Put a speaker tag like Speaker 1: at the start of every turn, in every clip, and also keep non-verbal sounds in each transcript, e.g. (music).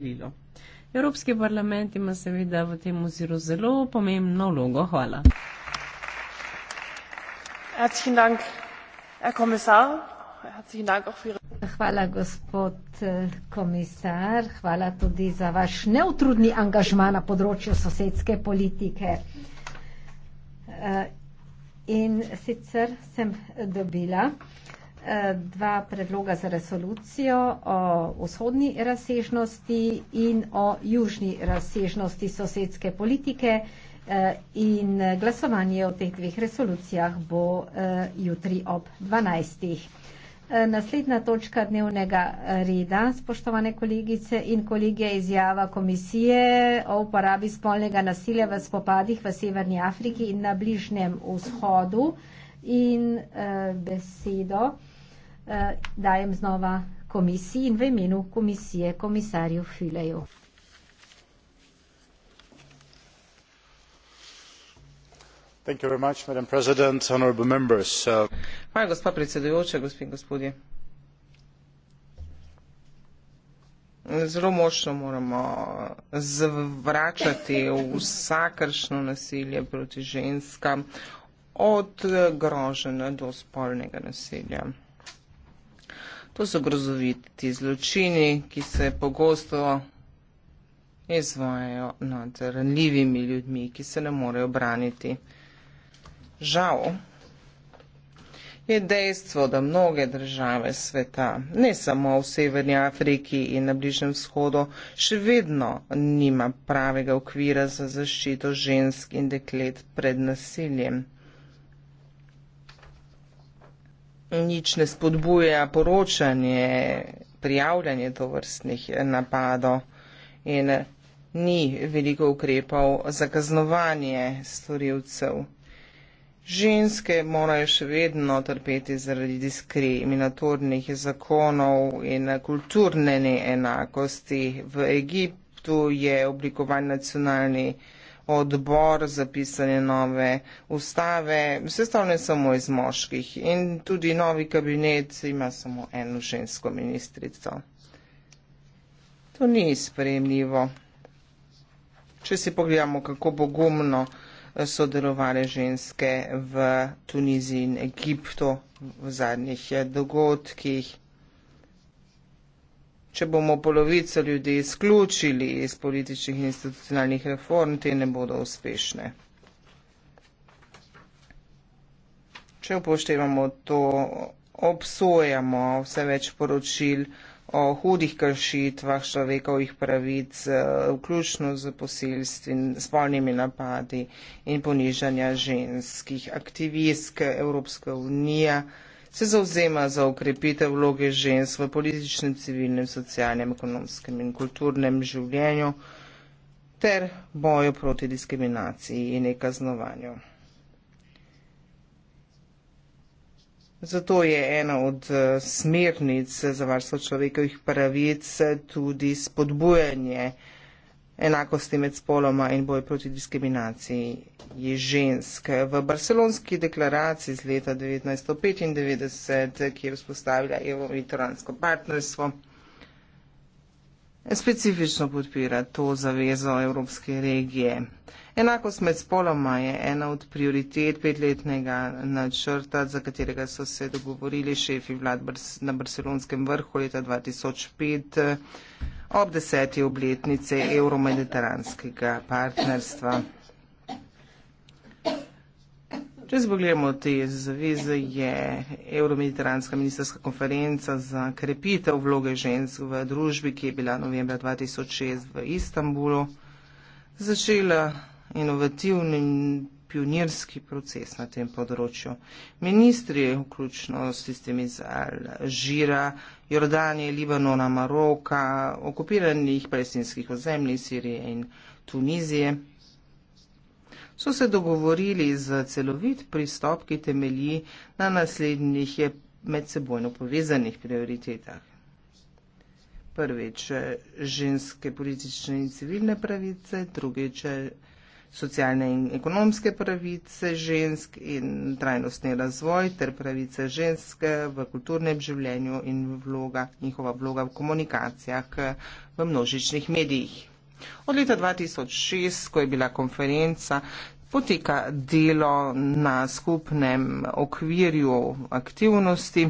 Speaker 1: delo. Evropski parlament ima seveda v tem oziru zelo pomembno vlogo. Hvala.
Speaker 2: Hvala, gospod eh, komisar. Hvala tudi za vaš neutrudni angažma na področju sosedske politike. Eh, in sicer sem dobila uh, dva predloga za resolucijo o vzhodni razsežnosti in o južni razsežnosti sosedske politike eh, in glasovanje o teh dveh resolucijah bo eh, jutri ob 12. Eh, naslednja točka dnevnega reda, spoštovane kolegice in kolege, izjava komisije o uporabi spolnega nasilja v spopadih v Severni Afriki in na Bližnjem vzhodu. In uh, besedo uh, Eh, dajem znova komisiji in v imenu komisije komisarju Fileju.
Speaker 1: Uh, Hvala, gospa predsedujoča, gospe in gospodje. Zelo močno moramo zvračati vsakršno nasilje proti ženskam, od groženja do spolnega nasilja. To so grozoviti zločini, ki se pogosto izvajajo nad ranljivimi ljudmi, ki se ne morejo braniti. Žal je dejstvo, da mnoge države sveta, ne samo v Severni Afriki in na Bližnem vzhodu, še vedno nima pravega okvira za zaščito žensk in deklet pred nasiljem. nič ne spodbuja poročanje, prijavljanje to vrstnih napadov in ni veliko ukrepov za kaznovanje storilcev. Ženske morajo še vedno trpeti zaradi diskriminatornih zakonov in kulturne neenakosti. V Egiptu je oblikovan nacionalni odbor za pisanje nove ustave, sestavljen samo iz moških in tudi novi kabinet ima samo eno žensko ministrico. To ni sprejemljivo. Če si pogledamo, kako bogumno eh, so delovale ženske v Tuniziji in Egiptu v zadnjih eh, dogodkih. Če bomo polovico ljudi izključili iz političnih in institucionalnih reform, te ne bodo uspešne. Če upoštevamo to, obsojamo vse več poročil o hudih kršitvah človekovih pravic, eh, vključno z posilstvi, spolnimi napadi in ponižanja ženskih aktivistk Evropske unije se zauzema za ukrepitev vloge žensk v političnem, civilnem, socialnem, ekonomskem in kulturnem življenju ter boju proti diskriminaciji in nekaznovanju. Zato je ena od eh, smernic za varstvo človekovih pravic tudi spodbujanje enakosti med spoloma in boj proti diskriminaciji je žensk. V barcelonski deklaraciji iz leta 1995, ki je vzpostavila evo-mediteransko partnerstvo, specifično podpira to zavezo Evropske regije. Enakost med spoloma je ena od prioritet petletnega načrta, za katerega so se dogovorili šefi vlad na barcelonskem vrhu leta 2005 ob deseti obletnici euromediteranskega partnerstva. Če spogledamo te zaveze, je Euromediteranska ministerska konferenca za krepitev vloge žensk v družbi, ki je bila novembra 2006 v Istanbulu, začela inovativni in pionirski proces na tem področju. Ministri, vključno s tistimi iz Alžira, Jordanije, Libanona, Maroka, okupiranih palestinskih ozemlji Sirije in Tunizije, so se dogovorili za celovit pristop, ki temelji na naslednjih medsebojno povezanih prioritetah. Prvič, ženske politične in civilne pravice, drugič, socialne in ekonomske pravice žensk in trajnostni razvoj ter pravice ženske v kulturnem življenju in vloga, njihova vloga v komunikacijah v množičnih medijih. Od leta 2006, ko je bila konferenca, poteka delo na skupnem okvirju aktivnosti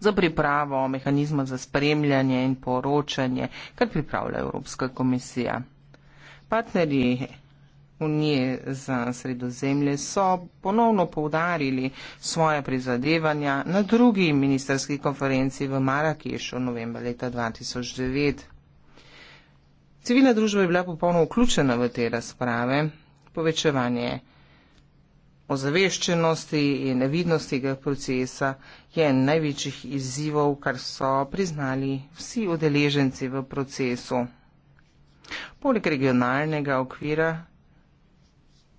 Speaker 1: za pripravo mehanizma za spremljanje in poročanje, kar pripravlja Evropska komisija. Partnerji Unije za sredozemlje so ponovno poudarili svoje prizadevanja na drugi ministerski konferenci v Marakešu novembra leta 2009. Civilna družba je bila popolno vključena v te razprave. Povečevanje ozaveščenosti in nevidnosti tega procesa je en največjih izzivov, kar so priznali vsi udeleženci v procesu. Poleg regionalnega okvira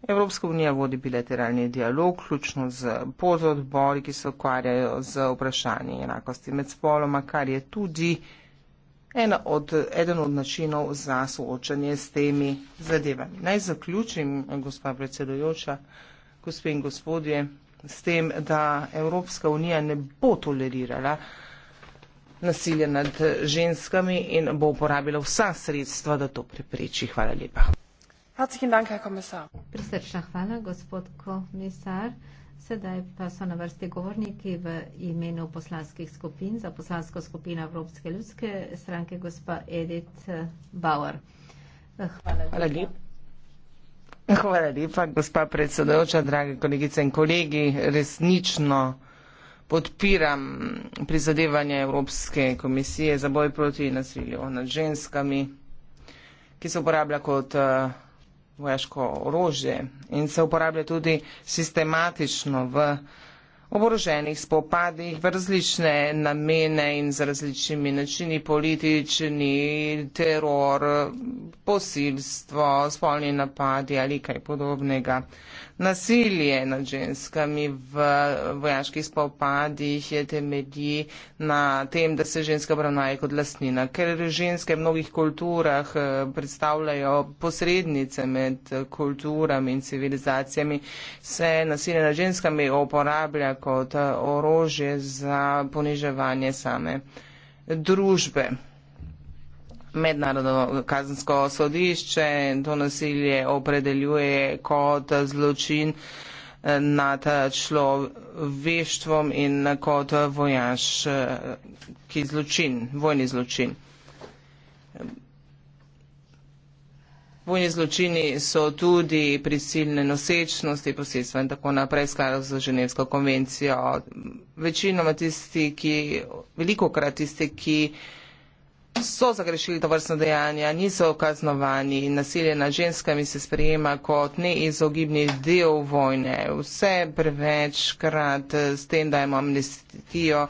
Speaker 1: Evropska unija vodi bilateralni dialog, ključno z pozo odbori, ki se ukvarjajo z vprašanji enakosti med spoloma, kar je tudi ena od, eden od načinov za soočanje s temi zadevami. Naj zaključim, gospa predsedujoča, gospe in gospodje, s tem, da Evropska unija ne bo tolerirala nasilje nad eh, ženskami in bo uporabila vsa sredstva, da to prepreči. Hvala lepa. Hrvatski dan, kaj komisar. Prisrčna
Speaker 2: hvala, gospod komisar. Sedaj pa so na vrsti govorniki v imenu poslanskih skupin za poslansko skupino Evropske ljudske stranke, gospa Edith eh, Bauer. Hvala, eh, hvala
Speaker 1: lepa. lepa. Hvala lepa, gospa predsedujoča, drage kolegice in kolegi. Resnično podpiram prizadevanje Evropske komisije za boj proti nasilju nad ženskami, ki se uporablja kot eh, vojaško orožje in se uporablja tudi sistematično v oboroženih spopadih v različne namene in z različnimi načini politični, teror, posilstvo, spolni napadi ali kaj podobnega. Nasilje nad ženskami v vojaških spopadih je temelji na tem, da se ženska obravnaje kot lastnina, ker ženske v mnogih kulturah eh, predstavljajo posrednice med kulturami in civilizacijami, se nasilje nad ženskami uporablja kot orožje za poniževanje same družbe. Mednarodno kazensko sodišče to nasilje opredeljuje kot zločin nad človeštvom in kot vojaški zločin, vojni zločin. Vojni zločini so tudi prisilne nosečnosti, posilstva in tako naprej, skladov z Ženevsko konvencijo. Večinoma tisti, ki, veliko krat tisti, ki so zagrešili to vrstno dejanje, niso kaznovani in nasilje nad ženskami se sprejema kot neizogibni del vojne. Vse prevečkrat s tem dajemo amnestijo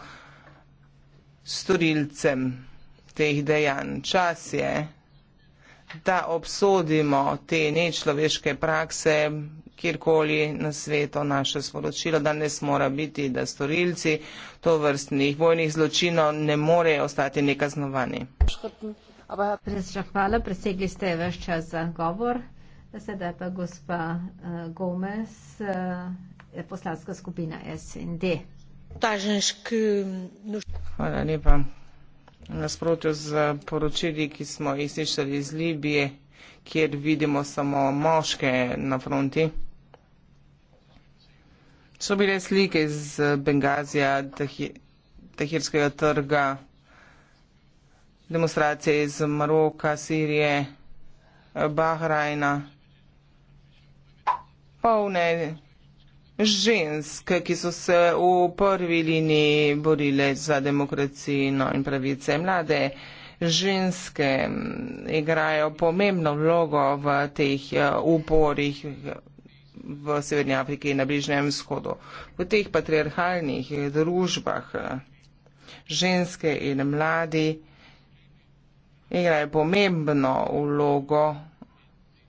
Speaker 1: storilcem teh dejanj. Čas je da obsodimo te nečloveške prakse, kjerkoli na svetu naše sporočilo, da ne smora biti, da storilci to vrstnih vojnih zločinov ne morejo ostati nekaznovani.
Speaker 2: Predsedujoča, hvala, presegli ste vaš čas za govor. Sedaj pa gospa uh, Gomez, uh, poslanska skupina SND.
Speaker 1: Hvala lepa nasprotju z poročili, ki smo jih slišali iz Libije, kjer vidimo samo moške na fronti. So bile slike iz Bengazija, Tahirskega trga, demonstracije iz Maroka, Sirije, Bahrajna, polne žensk, ki so se v prvi liniji borile za demokracijo in pravice mlade. Ženske igrajo pomembno vlogo v teh eh, uporih v Severni Afriki in na Bližnjem vzhodu. V teh patriarhalnih družbah eh, ženske in mladi igrajo pomembno vlogo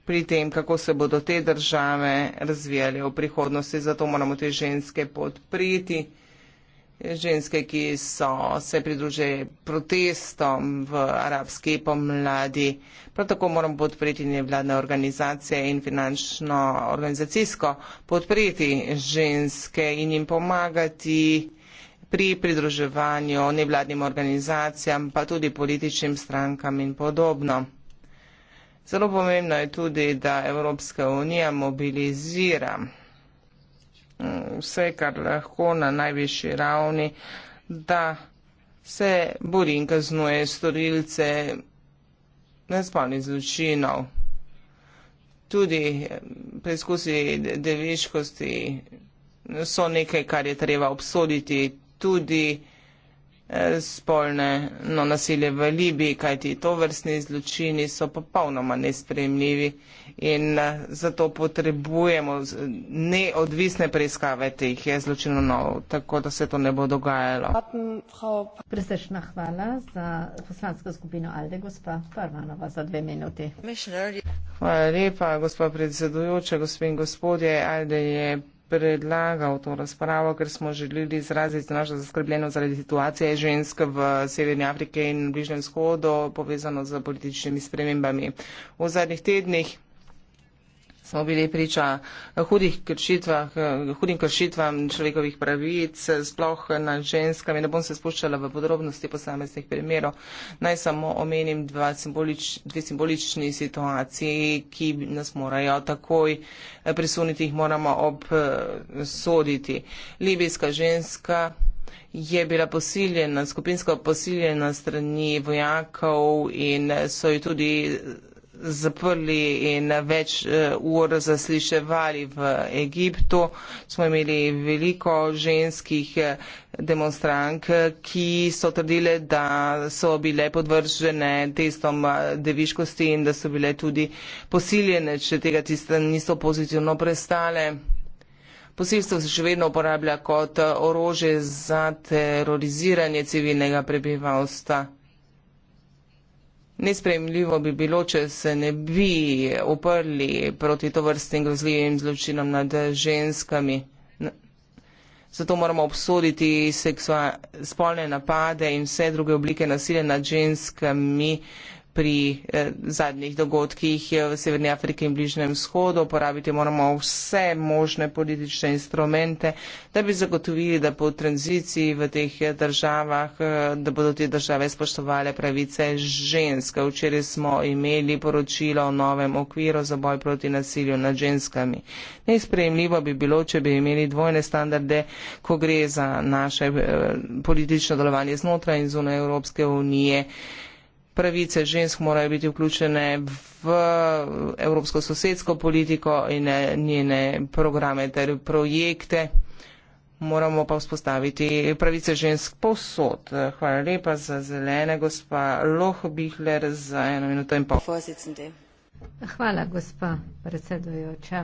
Speaker 1: pri tem, kako se bodo te države razvijale v prihodnosti. Zato moramo te ženske podpriti. Ženske, ki so se pridružile protestom v arabski pomladi. Prav tako moramo podpreti nevladne organizacije in finančno organizacijsko podpreti ženske in jim pomagati pri pridruževanju nevladnim organizacijam, pa tudi političnim strankam in podobno. Zelo pomembno je tudi, da Evropska unija mobilizira mm, vse, kar lahko na najvišji ravni, da se bori in kaznuje storilce nespolnih zločinov. Tudi mm, preizkusi deviškosti so nekaj, kar je treba obsoditi. Tudi Eh, spolno no, nasilje v Libiji, kajti to vrstni zločini so popolnoma nespremljivi in eh, zato potrebujemo neodvisne preiskave teh eh, zločinov, tako da se to ne bo dogajalo.
Speaker 2: Presrečna hvala za poslansko skupino Alde, gospa Parvanova, za dve minuti.
Speaker 1: Hvala lepa, gospa predsedujoča, gospod in gospodje. Alde je predlagal to razpravo, ker smo želeli izraziti našo zaskrbljenost zaradi situacije žensk v Severni Afriki in Bližnjem shodu, povezano z političnimi spremembami. V zadnjih tednih smo bili priča hudih kršitvah, hudim kršitvam človekovih pravic, sploh nad ženskami. Ne bom se spuščala v podrobnosti posameznih primerov. Naj samo omenim dva simbolič, dve simbolični situaciji, ki nas morajo takoj prisuniti, jih moramo obsoditi. Libijska ženska je bila posiljena, skupinsko posiljena strani vojakov in so jo tudi zaprli in več eh, ur zasliševali v Egiptu. Smo imeli veliko ženskih eh, demonstrank, ki so trdile, da so bile podvržene testom eh, deviškosti in da so bile tudi posiljene, če tega tiste niso pozitivno prestale. Posilstvo se še vedno uporablja kot orože za teroriziranje civilnega prebivalstva. Nesprejemljivo bi bilo, če se ne bi oprli proti to vrstnim grozljivim zločinom nad ženskami. Zato moramo obsoditi spolne napade in vse druge oblike nasilja nad ženskami, eh, pri eh, zadnjih dogodkih eh, v Severni Afriki in Bližnjem vzhodu. Uporabiti moramo vse možne politične instrumente, da bi zagotovili, da po tranziciji v teh eh, državah, da bodo te države spoštovale pravice ženske. Včeraj smo imeli poročilo o novem okviru za boj proti nasilju nad ženskami. Neizprejemljivo bi bilo, če bi imeli dvojne standarde, ko gre za naše politično delovanje znotraj in zunaj Evropske unije pravice žensk morajo biti vključene v evropsko sosedsko politiko in njene programe ter projekte. Moramo pa vzpostaviti pravice žensk posod. Hvala lepa za zelene, gospa Lohbihler, za eno minuto in pol.
Speaker 2: Hvala, gospa predsedujoča.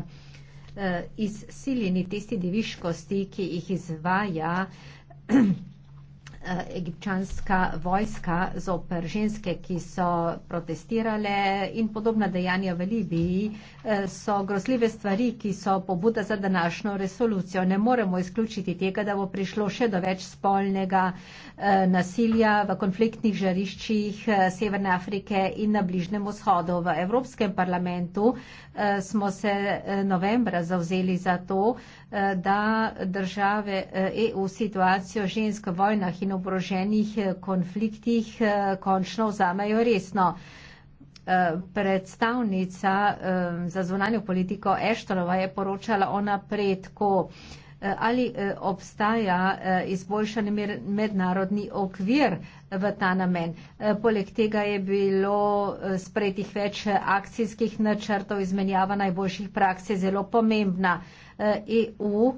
Speaker 2: Eh, izsiljeni tisti diviškosti, ki jih izvaja (clears throat) Eh, egipčanska vojska zoper ženske, ki so protestirale in podobna dejanja v Libiji, eh, so grozljive stvari, ki so pobuda za današnjo resolucijo. Ne moremo izključiti tega, da bo prišlo še do več spolnega eh, nasilja v konfliktnih žariščih Severne Afrike in na Bližnem vzhodu. V Evropskem parlamentu smo se novembra zavzeli za to, da države EU e situacijo žensk v vojnah in oboroženih eh, konfliktih eh, končno vzamejo resno. Eh, predstavnica za zvonanjo politiko Eštonova je poročala o napredku. Ali obstaja izboljšan mednarodni okvir v ta namen? Poleg tega je bilo sprejetih več akcijskih načrtov, izmenjava najboljših praks je zelo pomembna. EU e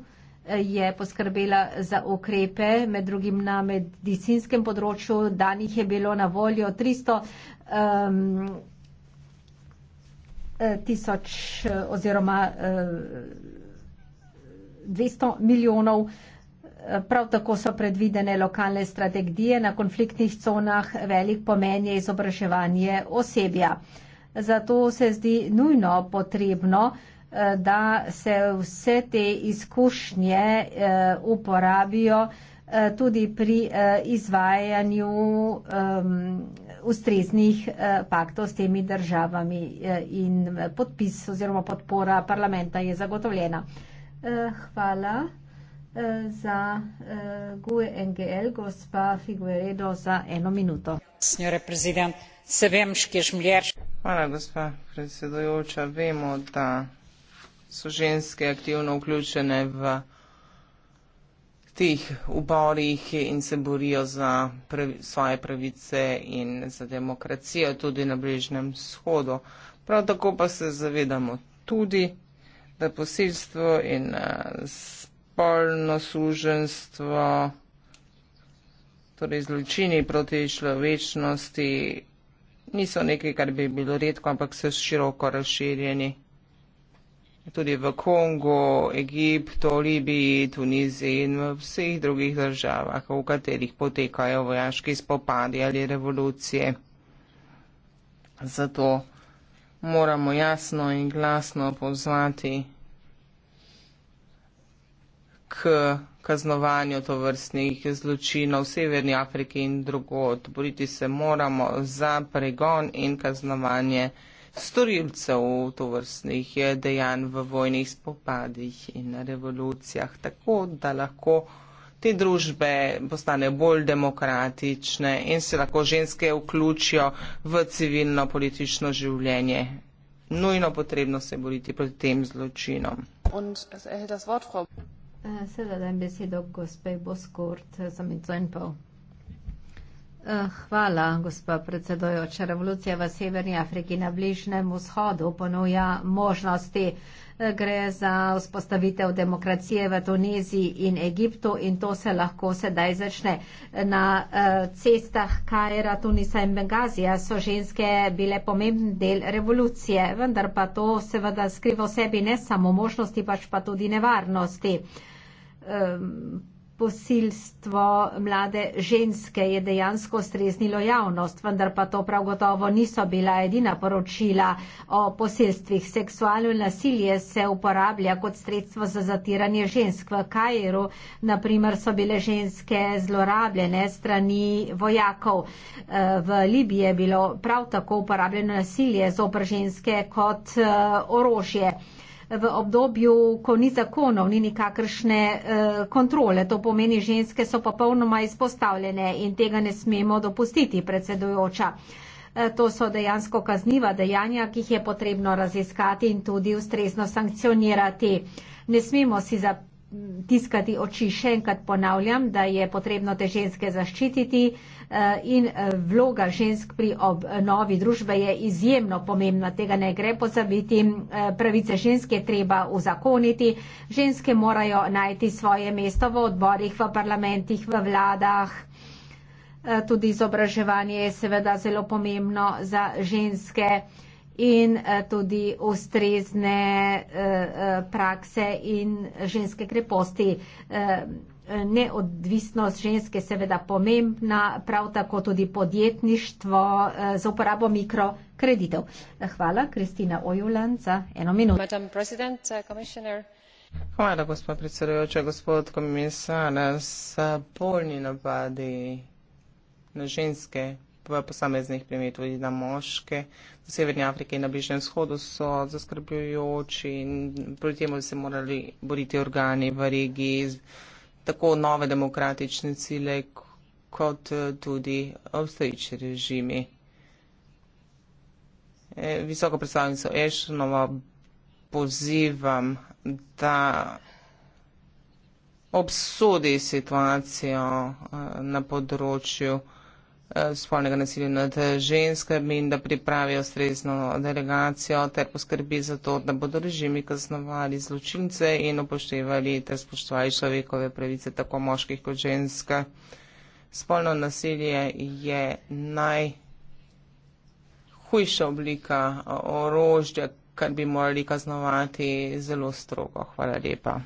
Speaker 2: je poskrbela za ukrepe, med drugim na medicinskem področju. Danih je bilo na voljo 300 um, eh, tisoč eh, oziroma um, eh, 200 milijonov. Prav tako so predvidene lokalne strategije na konfliktnih conah, velik pomen je izobraževanje osebja. Zato se zdi nujno potrebno, uh, da se vse te izkušnje eh, uporabijo eh, tudi pri eh, izvajanju ehm, ustreznih paktov s temi državami in podpis oziroma podpora parlamenta je zagotovljena. Hvala za GUE NGL, gospa Figueredo, za eno minuto.
Speaker 1: Hvala, gospa predsedujoča. Vemo, da so ženske aktivno vključene v tih uporih in se borijo za pravi, svoje pravice in za demokracijo tudi na Bližnjem shodu. Prav tako pa se zavedamo tudi, da posilstvo in eh, spolno suženstvo, torej zločini proti človečnosti, niso nekaj, kar bi bilo redko, ampak so široko razširjeni tudi v Kongu, Egiptu, Libiji, Tuniziji in v vseh drugih državah, v katerih potekajo vojaški spopadi ali revolucije. Zato moramo jasno in glasno pozvati k kaznovanju tovrstnih zločinov v Severni Afriki in drugod. Boriti se moramo za pregon in kaznovanje zločinov storilcev to vrstnih eh, dejanj v vojnih spopadih in na revolucijah, tako da lahko te družbe postane bolj demokratične in se lahko ženske vključijo v civilno politično življenje. Nujno potrebno se boriti proti tem zločinom. Äh, äh,
Speaker 2: Seveda dajem besedo gospe Boskort za minuto in pol. Eh, hvala, gospod predsedojoč. Revolucija v Severni Afriki na Bližnem vzhodu ponuja možnosti. Eh, gre za vzpostavitev demokracije v Tuniziji in Egiptu in to se lahko sedaj začne. Na eh, cestah Kajra, Tunisa in Bengazija so ženske bile pomemben del revolucije, vendar pa to seveda skriva v sebi ne samo možnosti, pač pa tudi nevarnosti posilstvo mlade ženske je dejansko streznilo javnost, vendar pa to prav gotovo niso bila edina poročila o posilstvih. Seksualno nasilje se uporablja kot sredstvo za zatiranje žensk. V Kajru, naprimer, so bile ženske zlorabljene strani vojakov. Eh, v Libiji je bilo prav tako uporabljeno nasilje zopr ženske kot eh, orožje v obdobju, ko ni zakonov, ni nikakršne eh, kontrole. To pomeni, ženske so popolnoma izpostavljene in tega ne smemo dopustiti, predsedujoča. Eh, to so dejansko kazniva dejanja, ki jih je potrebno raziskati in tudi ustrezno sankcionirati. Ne smemo si zatiskati oči, še enkrat ponavljam, da je potrebno te ženske zaščititi, Eh, in eh, vloga žensk pri obnovi družbe je izjemno pomembna, tega ne gre pozabiti. Mm, eh, pravice žensk je treba uzakoniti, ženske morajo najti svoje mesto v odborih, v parlamentih, v vladah. Tudi izobraževanje je seveda zelo pomembno za ženske in tudi ustrezne prakse in ženske kreposti neodvisnost ženske seveda pomembna, prav tako tudi podjetništvo eh, z uporabo mikrokreditov. Hvala, Kristina Ojulan, za eno minuto. Uh,
Speaker 1: Hvala, gospod predsedujoča, gospod komisar. Spolni napadi na ženske v posameznih primerih tudi na moške v Severni Afriki in na Bližnjem vzhodu so zaskrbljujoči in proti temu se morali boriti organi v regiji tako nove demokratične cilje, kot eh, tudi obstoječi režimi. Eh, visoko predstavnico Ešnova pozivam, da obsodi situacijo eh, na področju obstoječi režimi. Eh, spolnega nasilja nad ženskami in da pripravijo strezno delegacijo ter poskrbi za to, da bodo režimi kaznovali zločince in upoštevali ter spoštovali človekove pravice tako moških kot žensk. Spolno nasilje je najhujša oblika eh, orožja, kar bi morali kaznovati zelo strogo. Hvala lepa.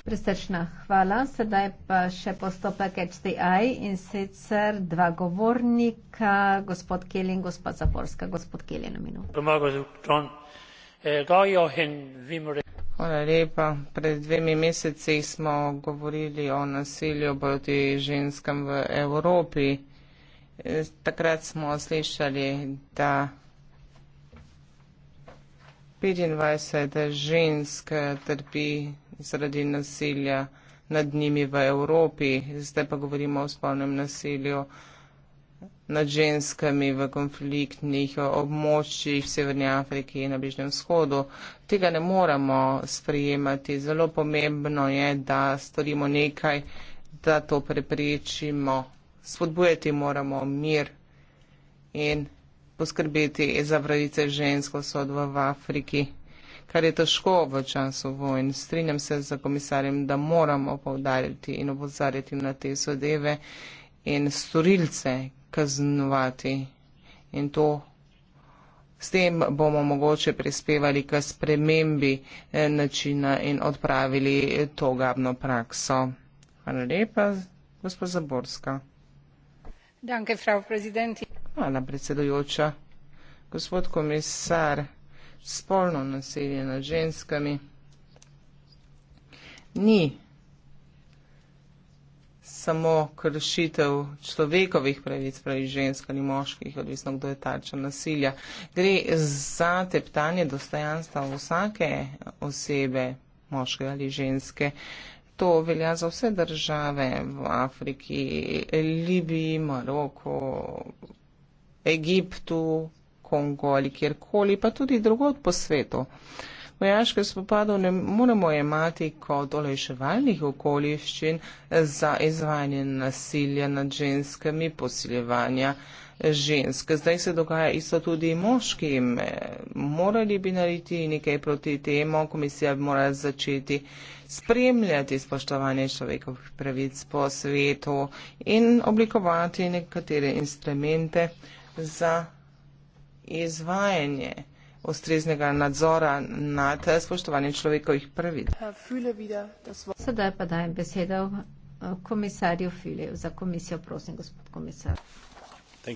Speaker 2: Presrčna hvala. Sedaj pa še postopek HDI in sicer dva govornika, gospod Kelin, gospod Zaporska.
Speaker 1: Gospod Kelin, na minuto. Hvala lepa. Pred dvemi meseci smo govorili o nasilju proti ženskam v Evropi. Takrat smo slišali, da 25 žensk trpi zaradi nasilja nad njimi v Evropi, zdaj pa govorimo o spolnem nasilju nad ženskami v konfliktnih območjih v Severni Afriki in na Bližnjem vzhodu. Tega ne moremo sprejemati. Zelo pomembno je, da storimo nekaj, da to preprečimo. Spodbujati moramo mir in poskrbeti za pravice žensk v sodbo v Afriki kar je težko v času vojn. Strinjam se z komisarjem, da moramo povdarjati in opozarjati na te zadeve in storilce kaznovati. In to s tem bomo mogoče prispevali k spremembi eh, načina in odpravili to gabno prakso. Hvala lepa, gospod Zaborska. Danke, Hvala, predsedujoča. Gospod komisar spolno nasilje nad ženskami. Ni samo kršitev človekovih pravic, pravi žensk ali moških, odvisno kdo je tarča nasilja. Gre za teptanje dostojanstva vsake osebe, moške ali ženske. To velja za vse države v Afriki, Libiji, Maroku, Egiptu, Kongo ali kjerkoli, pa tudi drugot po svetu. Vojaške spopadov ne moremo imati kot olajševalnih okoliščin za izvajanje nasilja nad ženskami, posiljevanja žensk. Zdaj se dogaja isto tudi moškim. Morali bi narediti nekaj proti temu, komisija bi morala začeti spremljati spoštovanje človekovih pravic po svetu in oblikovati nekatere instrumente za izvajanje ustreznega nadzora nad spoštovanjem človekovih pravic.
Speaker 2: Sedaj pa dajem besedo eh, komisarju Filiju za
Speaker 1: komisijo. Prosim, gospod komisar. Uh,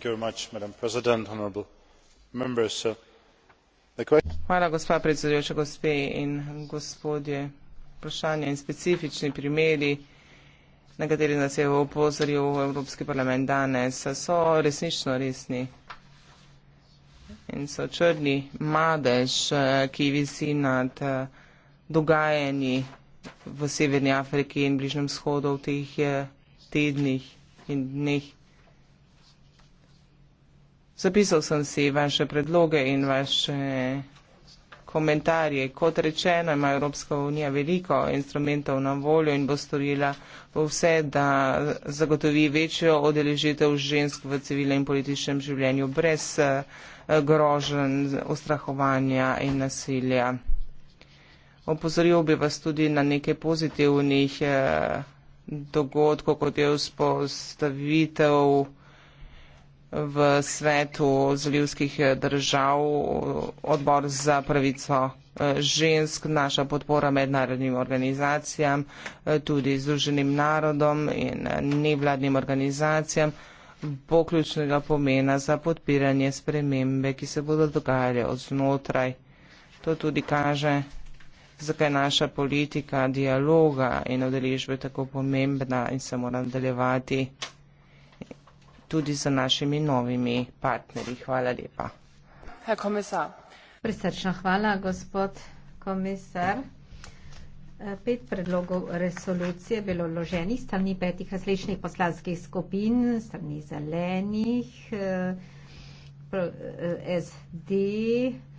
Speaker 1: Hvala, gospa predsedujoča, gospe in gospodje. Vprašanje in specifični primeri, na kateri nas je opozoril Evropski parlament danes, so resnično resni in so črni madež, eh, ki visi nad eh, dogajanji v Severni Afriki in Bližnem shodu v teh eh, tednih in dneh. Zapisal sem si vaše predloge in vaše komentarje. Kot rečeno, ima Evropska unija veliko instrumentov na voljo in bo storila vse, da zagotovi večjo odeležitev žensk v civilnem in političnem življenju brez eh, grožen, ustrahovanja in nasilja. Opozoril bi vas tudi na nekaj pozitivnih eh, dogodkov, kot je vzpostavitev v svetu zalivskih držav, odbor za pravico eh, žensk, naša podpora mednarodnim organizacijam, eh, tudi Združenim narodom in eh, nevladnim organizacijam, bo ključnega pomena za podpiranje spremembe, ki se bodo dogajale od znotraj. To tudi kaže, zakaj je naša politika dialoga in odeležbe tako pomembna in se mora nadaljevati tudi za našimi novimi partnerji. Hvala lepa.
Speaker 2: Herr komisar. Prisrčno hvala, gospod komisar. Eh, pet predlogov resolucije je bilo vloženih strani petih različnih poslanskih skupin, strani zelenih, eh, eh, SD,